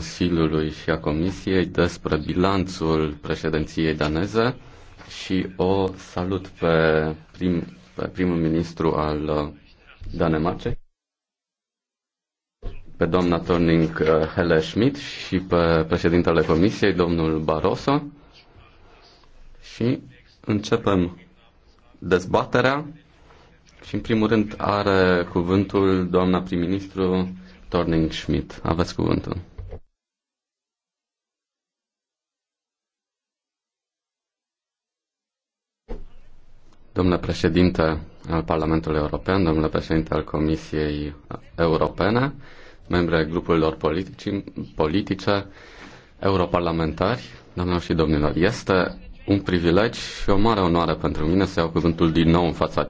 Consiliului și a Comisiei despre bilanțul președinției daneze și o salut pe, prim, pe primul ministru al Danemarcei, pe doamna Torning uh, Hele Schmidt și pe președintele Comisiei, domnul Barroso. Și începem dezbaterea și în primul rând are cuvântul doamna prim-ministru Torning Schmidt. Aveți cuvântul. Domnule președinte al Parlamentului European, domnule președinte al Comisiei Europene, membri ai grupurilor politici, politice, europarlamentari, doamnelor și domnilor, este un privilegiu și o mare onoare pentru mine să iau cuvântul din nou în fața